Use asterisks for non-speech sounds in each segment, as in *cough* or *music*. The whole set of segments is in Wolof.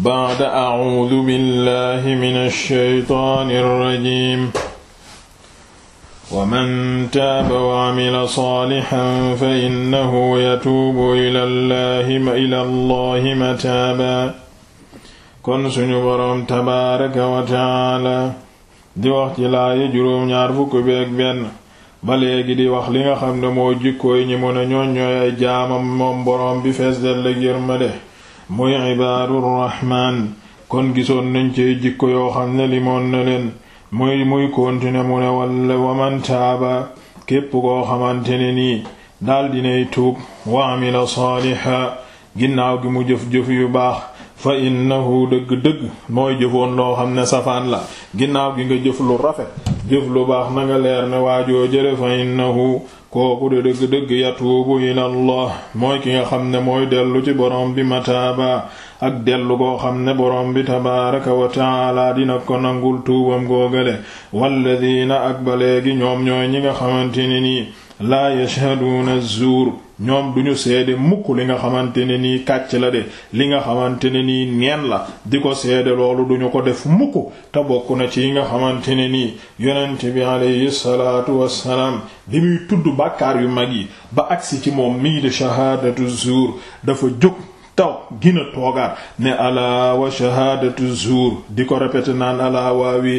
ba'da a'uudu billahi mina shaytaani rajiim wa man taaba wa amila saalihan fa innahu yatuubu ila Allahi mataaba kon suñu boroom tabaaraka wa taala di wax ci laaya juróom-ñaar fukk bi ak benn ba léegi di wax li nga xam ne moo jikkooy ñi mën a ñooñ ñooy ay jaamam moom boroom bi fees del la yërmande muy ibaadu rahmaan kon gisoon nañ ci jikko yoo xam ne limoon na leen muy muy kontine mu ne walla waman ba képp koo xamante ne nii daal dinay tuub wa amila saaliha ginnaaw gi mu jëf-jëf yu baax fa innahu dëgg-dëgg mooy jëfoon loo xam ne safaan la ginnaaw gi nga jëf lu rafet jëf lu baax na nga leer ne waajoo jëre fa innahu kooku de dëgg-dëgg yatuubu ila allah mooy ki nga xam ne mooy dellu ci boroom bi mataaba ak dellu koo xam ne boroom bi tabaaraka wa taala dina ko nangul tuubam googale walladiina ak ba ñoom ñooy ñi nga xamante nii laa yashhaduuna jour ñoom duñu seede mukk li nga xamante ne nii kàcc la de li nga xamante ne nii neen la di ko seede loolu duñu ko def mukk te bokk na ci yi nga xamante ne nii yonent bi alayhi salaatu wassalaam bi muy tudd bàkkaar yu mag yi ba agsi ci moom mii di shahaadatu zuur dafa jóg taw gina toogaat ne alaa wa shahaadatu jour di ko répété naan alaa waawi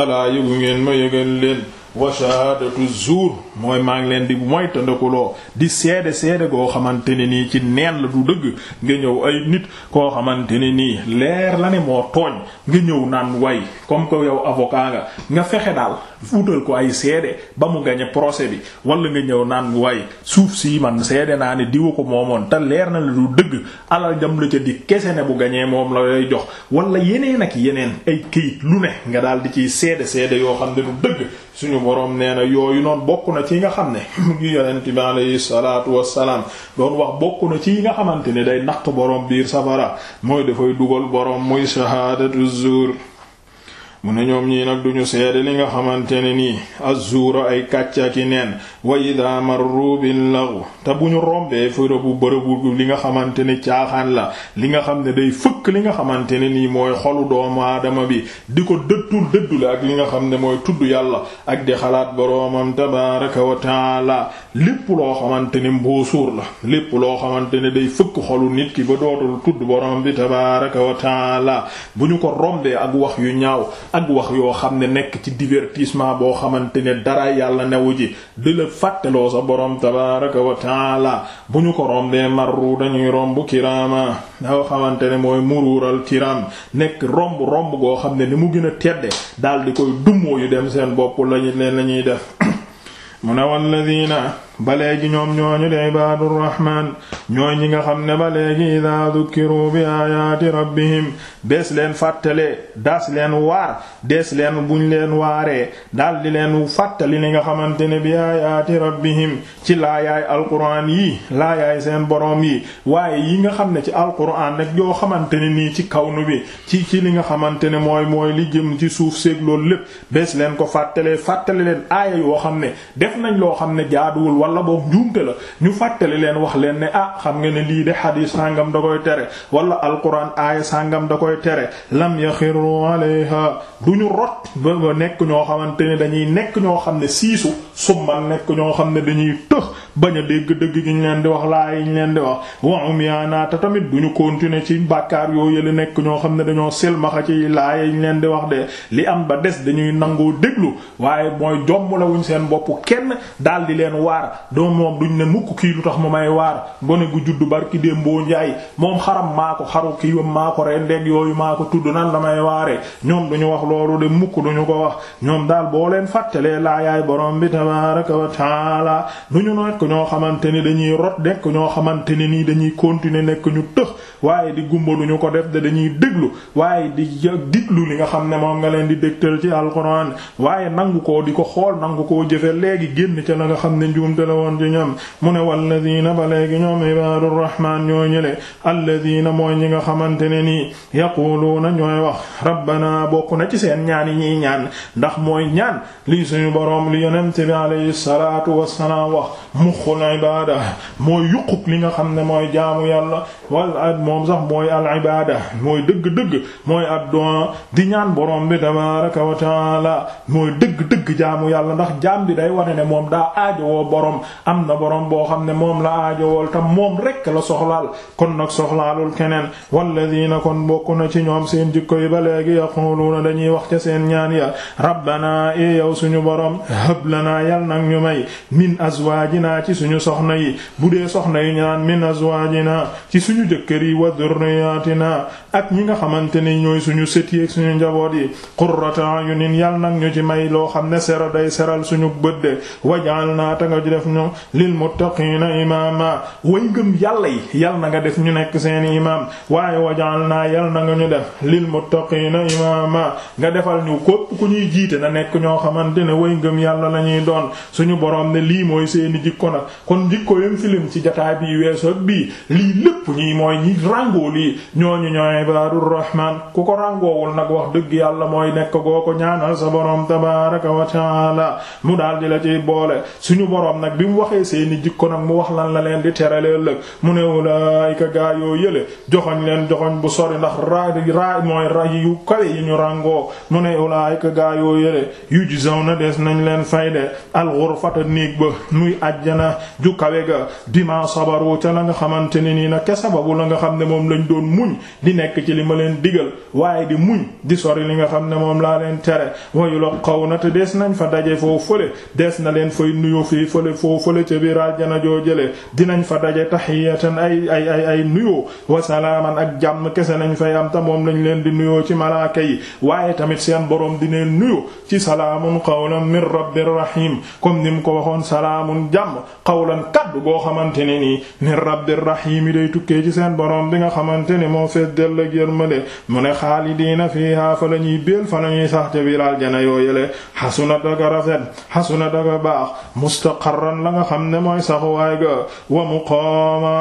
alaa yëgu ngeen ma yëgal leen wa shahadatu zuur mooy maa ngi leen di moytandikuloo di seede seede goo xamante ne nii ci neen la du dëgg nga ñëw ay nit koo xamante ne nii leer la ne moo tooñ nga ñëw naan way comme que yow avocat nga nga fexe daal fuutal ko ay seede ba mu gañe procès bi wala nga ñëw naan way suuf si man seede naa ne diwa ko moomoon te leer na la du dëgg alal jam la ca di kese ne bu gañee moom la lay jox wala yeneen ak yeneen ay këyit lu ne nga daal di ciy seede seede yoo xam ne du suñu boroom neena yooyu noonu bokk na ci nga xam ne *laughs* yu yonent bi alayhi salaatu wassalaam doon wax bokk na ci yi nga xamante ne day natt boroom biir safara mooy dafay dugal boroom muy shahaadatu zuur mu ne ñoom ñii nag duñu seede li nga xamante ne nii azzuura ay kàcc ak i neen wa ida marru bil laghw te bu ñu rombee fërëbu bërëbu li nga xamante ne caaxaan la li nga xam ne day fëkk li nga xamante ne nii mooy xolu doomu aadama bi di ko dëddul dëddule ak li nga xam ne mooy tudd yàlla ak di xalaat boroomam tabaaraka wa taala lépp loo xamante ne mboosuur la lépp loo xamante ne day fëkk xolu nit ki ba dootul tudd boroom bi tabaaraka wa taala bu ñu ko rombee ak wax yu ñaaw ak wax yoo xam ne nekk ci divertissement boo xamante ne dara yàlla newu ji fàtteloo sa borom tabaaraka wa taala bu ñu ko rombee marru dañuy romb kiraama nga xamante ne mooy muruural kiraam nekk romb romb goo xam ne ni mu gën a tedde daal di koy dummoo yu dem seen bopp lañu leen lañuy def *coughs* mu ne walladiina ba léegi ñoom ñooñu de ibaadurrahmaan ñooy ñi nga xam ne ba léegi idaa dukkiru bi aayaati rabbihim dees leen fàttale daas leen waar dees leen buñ leen waaree daldi leen fàttali li nga xamante ne bi aayaati rabbihim ci laayaay alquraan yi laayaay seen boroom yi waaye yi nga xam ne ci alquraan ak yoo xamante ne nii ci kawnu bi ci ci li nga xamante ne mooy mooy li jëm ci suuf séeg loolu lépp bees leen ko fàttale fàttale leen aaya yoo xam ne def nañ loo xam ne jaaduwul wala boog njuumte la ñu fàttali leen wax leen ne ah xam nga ne lii de xadiis sàngam da koy tere wala alquran aaya sàngam da koy tere lam yaxiru alayha du ñu rot ba nekk ñoo xamante ne dañuy nekk ñoo xam ne siisu summan nekk ñoo xam ne dañuy tëx bañ a dégg dëgg gi ñu leen di wax laa yi ñu leen di wax wa umyaana te tamit duñu continuer ci bàkkaar yoo yële nekk ñoo xam ne dañoo silmaxa ci laa yi ñu leen di wax de li am ba des dañuy nangoo déglu waaye mooy jomm seen bopp kenn daal di leen waar doo moom ne mukk kii lu tax mu may waar gone gu juddu barki démboo njaay moom xaram maa ko xaru kii wam maa ko yooyu maa ko tudd nan la may waare ñoom duñu wax loolu de mukk duñu ko wax ñoom daal boo leen fàttalee laa borom bi tabaaraka wa taala duñu noot ko ñoo xamante ne dañuy rot dekk ñoo xamante ne nii dañuy continuer nekk ñu tëx waaye di gumba duñu ko def de dañuy déglu waaye di diglu li nga xam ne moom nga leen di dégtal ci alxuraan waaye nangu koo di ko xool nangu koo jëfe léegi génn ca la nga xam ne njuumte la woon ci ñoom mu ne walladina ba léegi ñoom ibaadu rahmaan ñoo ñële alladina mooy ñi nga xamante ne nii yaquluuna ñooy wax rabbana bokk na ci seen ñaan yi ñuy ñaan ndax mooy ñaan lii suñu boroom li yonent bi alayhi salaatu wassalaam wax muxul ibaada am yuquk li nga xam ne mooy jaamu yàlla wal ad moom la mooy al ibaada mooy dëgg-dëgg mooy addu'a di ñaan borom bi tabaaraka wa taala mooy dëgg-dëgg jaamu yàlla ndax jaam bi day wane ne moom daa aajowoo boroom am na boroom boo xam ne moom la aajowool tam moom rekk la soxlaal kon nag soxlaalul keneen walladiina kon bokk na ci ñoom seen jikko yi ba léegi yaquluuna dañuy wax ca seen ñaan ya rabbana e yow suñu boroom hab yal nag ñu may min azwaajina naa ci suñu soxna yi bu dee soxna yi ñaan min azwaajina ci suñu jëkkër yi wa dhurriyaatina ak ñi nga xamante ni ñooy suñu seti ak suñu njaboot yi qurrata ayunin yal nag ñu ci may loo xam ne sera day seral suñu bët de waj'alna ta nga def ñu lil muttaqiina imaama way ngëm yàlla yi yal na nga def ñu nekk seeni imaam waaye waj'alna yal na nga ñu def lil muttaqiina imaama nga defal ñu képp ku ñuy jiite na nekk ñoo xamante ne way ngëm yàlla lañuy doon suñu borom ne lii mooy seeni jikko jikko nag kon jikko yam filim ci jataay bii weesu ak bii lii lépp ñi mooy ñi ràngoo lii ñooñu ñooy ibadur rahman ku ko ràngoowul nag wax dëgg yàlla mooy nekk goo ko ñaanal sa boroom tabaraka wa taala mu daal di la ciy boole suñu boroom nag bi mu waxee seeni jikko nag mu wax lan la leen di terale ëllëg mu ne ulaayika gaa yoo yële joxoñ leen joxoñ bu sori ndax ra ra mooy ra yu kawe yi ñu ràngoo mu ne ulaayika gaa yoo yële yujzawna des nañ leen fayde al jana ju kawe ga bima sabaru ca la nga xamante ne nii nag ke sababu la nga xam ne moom lañ doon muñ di nekk ci li ma leen digal waaye di muñ di sori li nga xam ne moom laa leen tere wayu la xaw na te dees nañ fa daje foo fële des na leen fay nuyoo fii fële foo fële ca biir aljana joo dinañ fa daje tax ay ay ay ay nuyoo wa salaaman ak jàmm kese nañ fay am ta moom lañ leen di nuyoo ci malaaka yi waaye tamit seen boroom dineen nuyoo ci salaamun qawlan min rabbir rahim comme ni mu ko waxoon salaamun jàmm qawlan kaddu goo xamante ne nii min rabbir rahim day tukkee ci seen borom bi nga xamante ne moo fees la ak yërmande mu ne xaalidiina fiihaa fa la ñuy béel fa la ñuy sax ca biir aljana yoo yële xasuna daga rafet xasuna daga baax mustaqarran la nga xam ne mooy saxuwaay ga wa muqaama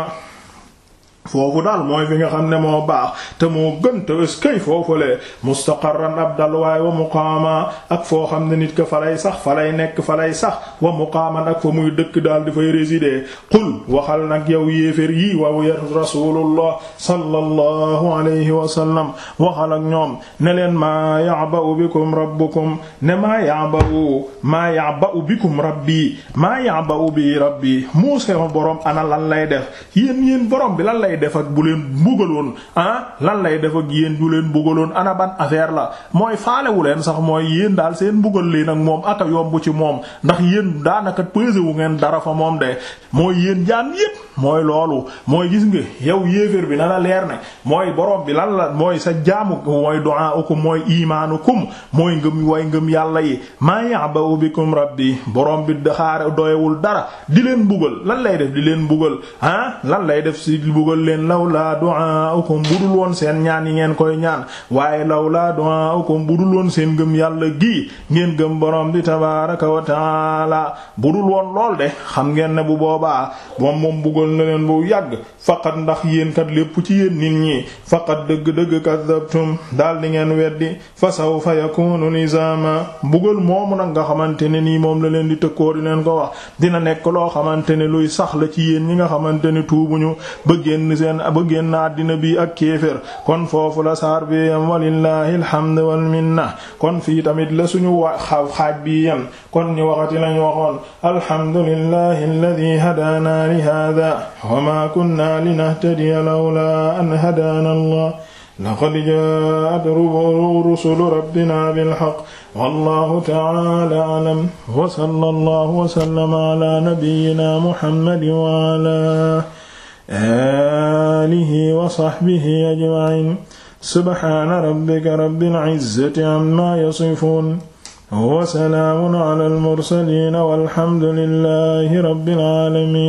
foofu daal mooy fi nga xam ne moo baax te moo gën te ës kay foofulee mustaqarran ab dalwaay wa muqaama ak foo xam ne nit fa falay sax fa falay nekk fa falay sax wa muqaaman ak fa muy dëkk daal di fay résider qul waxal nag yow yéefér yi waw ya rasulullah sallallahu alayhi wa sallam waxal ak ñoom ne leen maa ya'ba'u bikum rabbukum ne maa ya'ba'u maa ya'ba'u bikum rabbi maa ya'ba'u bi rabbi moo sama borom ana lan lay def yéen yéen borom bi lan lay lay def ak bu leen mbugaloon ah lan lay def ak yéen bu leen mbugaloon ana ban affaire la mooy faalewu leen sax mooy yéen daal seen mbugal leen ak moom aka yomb ci moom ndax yéen daanaka pesé wu ngeen dara fa moom de mooy yéen jaan yépp mooy loolu mooy gis nga yow yéeféer bi na la leer ne mooy borom bi lan la mooy sa jaamu mooy du'aukum mooy imaanukum mooy ngëm way ngëm yàlla yi maa ya'ba'u bikum rabbi borom bi daxaare doyewul dara di leen buggal lan lay def di leen bugal ah lan lay def si buggal leen lawlaa du'aukum budul woon seen ñaan yi ngeen koy ñaan waaye lawlaa du'aukum budul woon seen ngëm yàlla gi ngeen gëm boroom bi tabaaraka wa ta'aala budul woon lool de xam ngeen ne bu boobaa moom moom bugal ñëwal na leen bu yàgg faqat ndax yéen kat lépp ci yéen nit ñi faqat dëgg-dëgg kadabtum daal di ngeen weddi fa sawfa yakunu nizama mbugal moomu nag nga xamante ne nii moom la leen di tëkkoo di leen ko wax dina nekk loo xamante ne luy sax la ci yéen ñi nga xamante ni tuubuñu ba génn seen ba génn àddina bii ak kéefér kon foofu la saar bi yam walillahi alhamdu wal minna kon fii tamit la suñu wa xaaj bi yam kon ñu waxati lañ waxoon alhamdulillahi alladhi hadana li hada wa maa kunna linahtadiya lawlaa an hadaana Allah laqad jaa'at rusulu rabbina bilhaqq wallahu ta'ala a'lam wa sallallahu wa sallama ala nabiyyina muhammadin wa ala alihi wa sahbihi ajma'in subhana rabbika rabbil izzati amma yasifun wa salaamun ala al mursalin walhamdulillahi rabbil alamin